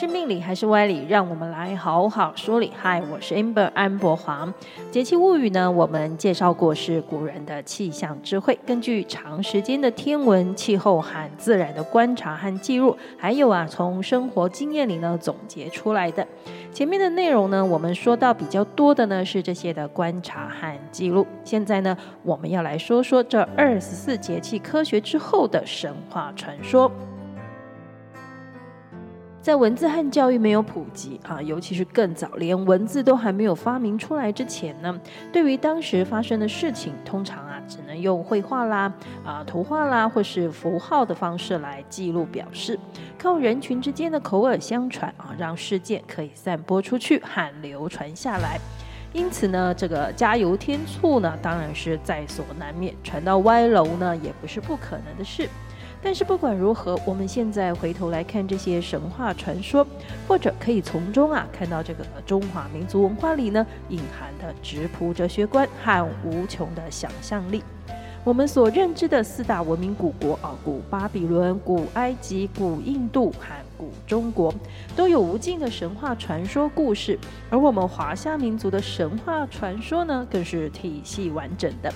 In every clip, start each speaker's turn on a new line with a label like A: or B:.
A: 是命理還是歪理？讓我們來好好說理。嗨，我是 Amber 安博華。節氣物語呢，我們介紹過是古人的氣象智慧，根據長時間的天文、氣候和自然的觀察和記錄，還有啊，從生活經驗裡呢總結出來的。前面的內容呢，我們說到比較多的呢是這些的觀察和記錄。現在呢，我們要來說說這二十四節氣科學之後的神話傳說。在文字和教育沒有普及啊，尤其是更早，連文字都還沒有發明出來之前呢，對於當時發生的事情，通常啊，只能用繪畫啦、啊圖畫啦，或是符號的方式來記錄表示，靠人群之間的口耳相傳啊，讓事件可以散播出去、和流傳下來。因此呢，這個加油添醋呢，當然是在所難免，傳到歪樓呢，也不是不可能的事。但是不管如何，我們現在回頭來看這些神話傳說，或者可以從中啊看到這個中華民族文化裡呢，隱含的質樸哲學觀和無窮的想象力。我們所認知的四大文明古國啊，古巴比倫、古埃及、古印度古中國都有無盡的神話傳說故事，而我們華夏民族的神話傳說呢，更是體系完整的。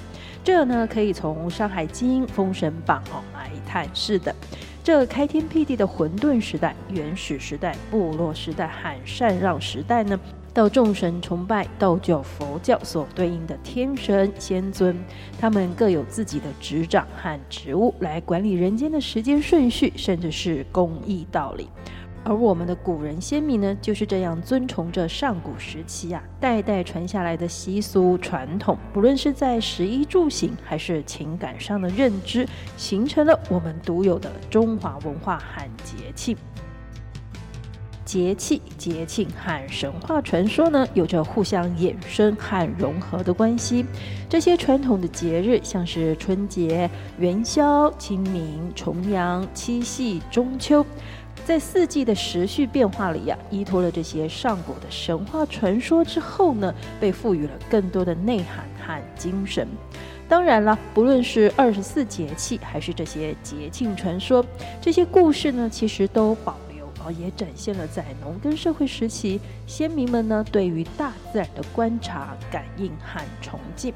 A: 這呢，可以從《山海經》《封神榜》哦來探視的。這開天闢地的混沌時代、原始時代、部落時代、罕禪讓時代呢，到眾神崇拜，道教、佛教所對應的天神仙尊，他們各有自己的執掌和職務，來管理人間的時間順序，甚至是公義道理。而我們的古人先民呢，就是這樣遵從着上古時期呀、啊，代代傳下來的習俗傳統，不論是在食衣住行還是情感上的認知，形成了我們獨有的中華文化和節氣。節氣、節慶和神話傳說呢，有着互相衍生和融合的關係。這些傳統的節日，像是春節、元宵、清明、重陽、七夕、中秋，在四季的時序變化裡啊，依托了這些上古的神話傳說之後呢，被賦予了更多的內涵和精神。當然了，不論是二十四節氣，還是這些節慶傳說，這些故事呢，其實都保，也展現了在農耕社會時期，先民們呢對於大自然的觀察、感應和崇敬。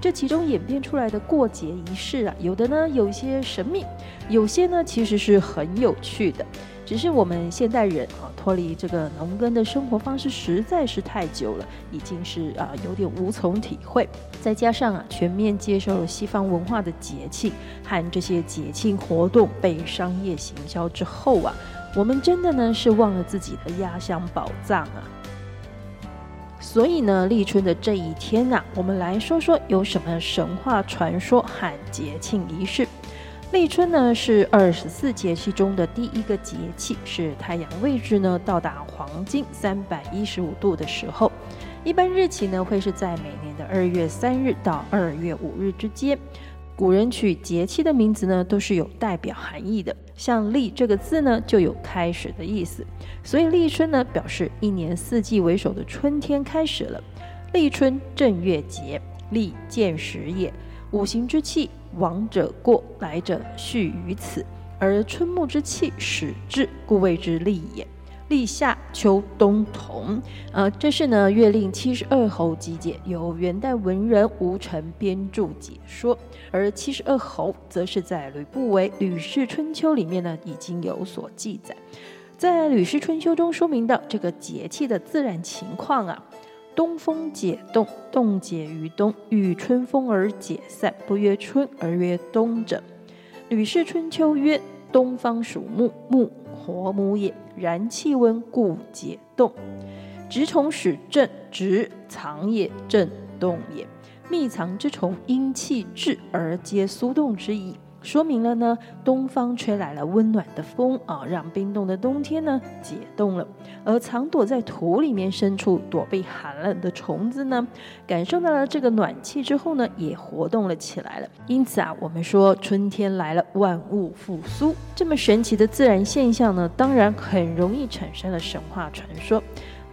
A: 這其中演變出來的過節儀式啊，有的呢有一些神秘，有些呢其實是很有趣的。只是我們現代人啊脫離這個農耕的生活方式實在是太久了，已經是啊有點無從體會。再加上啊全面接受了西方文化的節慶，和這些節慶活動被商業行銷之後啊。我們真的呢是忘了自己的壓箱寶藏啊！所以呢，立春的這一天吶、啊，我們來說說有什麼神話傳說和節慶儀式。立春呢是二十四節氣中的第一個節氣，是太陽位置呢到達黃金三百一十五度的時候，一般日期呢會是在每年的二月三日到二月五日之間。古人取節氣的名字呢，都是有代表含義的。像“立”這個字呢，就有開始的意思，所以立春呢，表示一年四季為首的春天開始了。立春正月節，立，建始也。五行之氣，往者過，來者續於此，而春木之氣始至，故謂之立也。立夏、秋、冬同，呃，這是呢《月令七十二候集解》，由元代文人吳澄編著解說。而七十二候則是在呂不韋《呂氏春秋》裡面呢已經有所記載。在《呂氏春秋》中說明到這個節氣的自然情況啊，東風解凍，凍結於冬，遇春風而解散，不曰春而曰東者，《呂氏春秋》曰：東方屬木，木。火母也，然氣溫故解凍；蟄蟲始振，蟄藏也，振動也。密藏之蟲，因氣至而皆蘇動之矣。說明了呢，東方吹來了溫暖的風啊，哦，讓冰凍的冬天呢解凍了。而藏躲在土裡面深處躲避寒冷的蟲子呢，感受到了這個暖氣之後呢，也活動了起來了。因此啊，我們說春天來了，萬物復甦。這麼神奇的自然現象呢，當然很容易產生了神話傳說。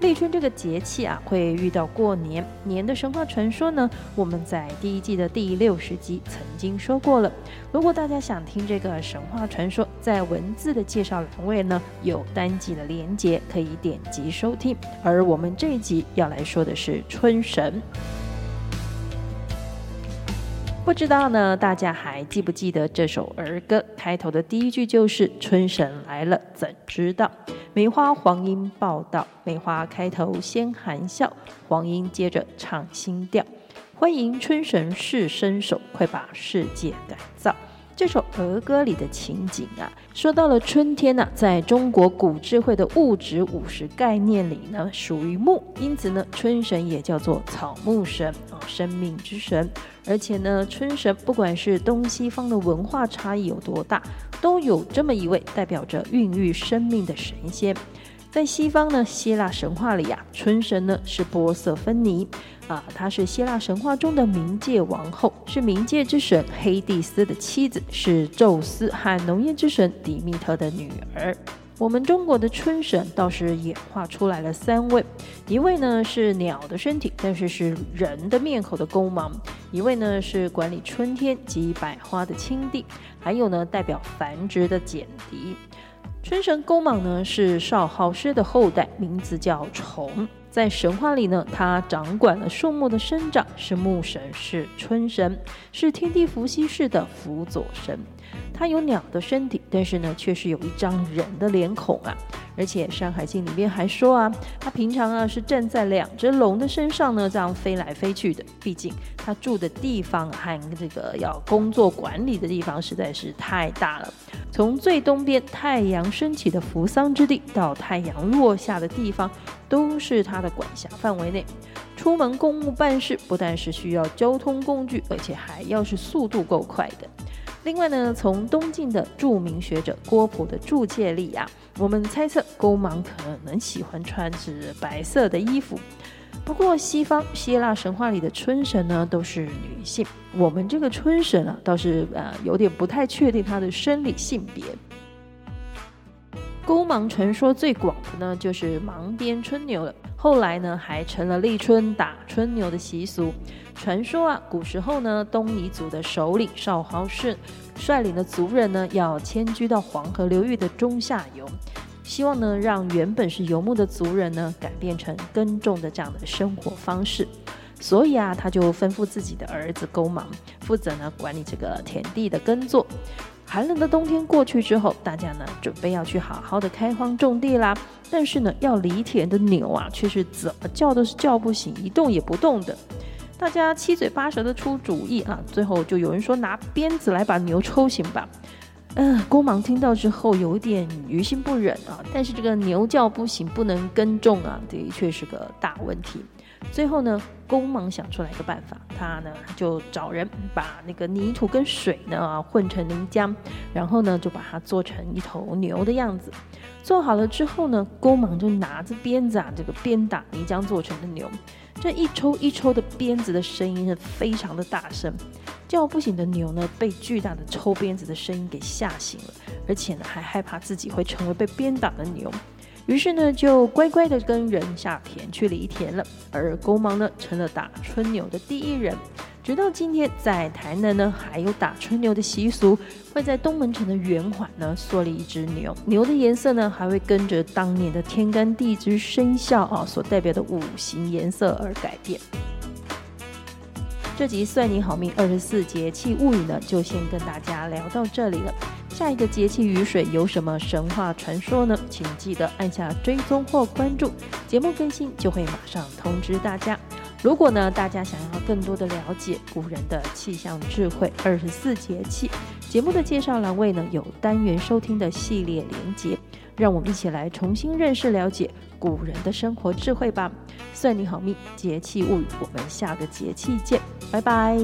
A: 立春這個節氣啊，會遇到過年。年的神話傳說呢，我們在第一季的第六十集曾經說過了。如果大家想聽這個神話傳說，在文字的介紹欄位呢有單集的連接，可以點擊收聽。而我們這一集要來說的是春神。不知道呢，大家還記不記得這首兒歌？開頭的第一句就是“春神來了，怎知道”。梅花黃鶯報道，梅花開頭先含笑，黃鶯接着唱新調，歡迎春神試身手，快把世界改造。這首兒歌裡的情景啊，說到了春天呢、啊，在中國古智慧的物質五行概念裡呢，屬於木，因此呢，春神也叫做草木神啊、哦，生命之神。而且呢，春神不管是東西方的文化差異有多大，都有這麼一位代表着孕育生命的神仙。在西方呢，希臘神話裡呀、啊，春神呢是波色芬尼，啊、呃，她是希臘神話中的冥界王後，是冥界之神黑帝斯的妻子，是宙斯和農業之神迪密特的女兒。我們中國的春神倒是演化出來了三位，一位呢是鳥的身體，但是是人的面孔的句芒；一位呢是管理春天及百花的青帝；還有呢代表繁殖的簡狄。春神勾芒呢是少昊氏的後代，名字叫重。在神話裡呢，他掌管了樹木的生長，是木神，是春神，是天帝伏羲氏的輔佐神。它有鳥的身體，但是呢，卻是有一張人的臉孔啊。而且《山海經》裡面還說啊，它平常啊是站在兩只龍的身上呢，這樣飛來飛去的。畢竟它住的地方和這個要工作管理的地方實在是太大了，從最東邊太陽升起的扶桑之地到太陽落下的地方，都是它的管轄範圍內。出門公務辦事，不但是需要交通工具，而且還要是速度夠快的。另外呢，從東晉的著名學者郭璞的注解裡啊，我們猜測勾芒可能喜歡穿着白色的衣服。不過西方希臘神話裡的春神呢都是女性，我們這個春神啊倒是呃有點不太確定她的生理性別。勾芒傳說最廣的呢就是芒鞭春牛了，後來呢還成了立春打春牛的習俗。傳說啊，古時候呢，東夷族的首領少昊氏率領的族人呢，要遷居到黃河流域的中下游，希望呢，讓原本是游牧的族人呢，改變成耕種的這樣的生活方式。所以啊，他就吩咐自己的兒子勾芒，負責呢管理這個田地的耕作。寒冷的冬天過去之後，大家呢準備要去好好的開荒種地啦。但是呢，要犁田的牛啊，卻是怎麼叫都是叫不醒，一動也不動的。大家七嘴八舌的出主意啊，啊，最後就有人說，拿鞭子來把牛抽醒吧。嗯、呃，句芒聽到之後有點於心不忍啊，但是這個牛叫不醒，不能耕種啊，的確是個大問題。最後呢，句芒想出來一個辦法，他呢，他就找人把那個泥土跟水呢啊混成泥漿，然後呢就把它做成一頭牛的樣子。做好了之後呢，句芒就拿着鞭子啊，這個鞭打泥漿做成的牛。這一抽一抽的鞭子的聲音呢，非常的大聲，叫不醒的牛呢被巨大的抽鞭子的聲音給嚇醒了，而且呢還害怕自己會成為被鞭打的牛。於是呢，就乖乖的跟人下田去犁田了。而句芒呢，成了打春牛的第一人。直到今天，在台南呢，還有打春牛的習俗，會在東門城的圓環呢，塑了一隻牛。牛的顏色呢，還會跟着當年的天干地支生肖啊，所代表的五行顏色而改變。這集《算你好命二十四節氣物語》呢，就先跟大家聊到這裡了。下一個節氣雨水有什麼神話傳說呢？請記得按下追蹤或關注，節目更新就會馬上通知大家。如果呢大家想要更多的了解古人的氣象智慧，二十四節氣節目的介紹欄位呢有單元收聽的系列連接，讓我們一起來重新認識了解古人的生活智慧吧。算你好命，節氣物語，我們下個節氣見，拜拜。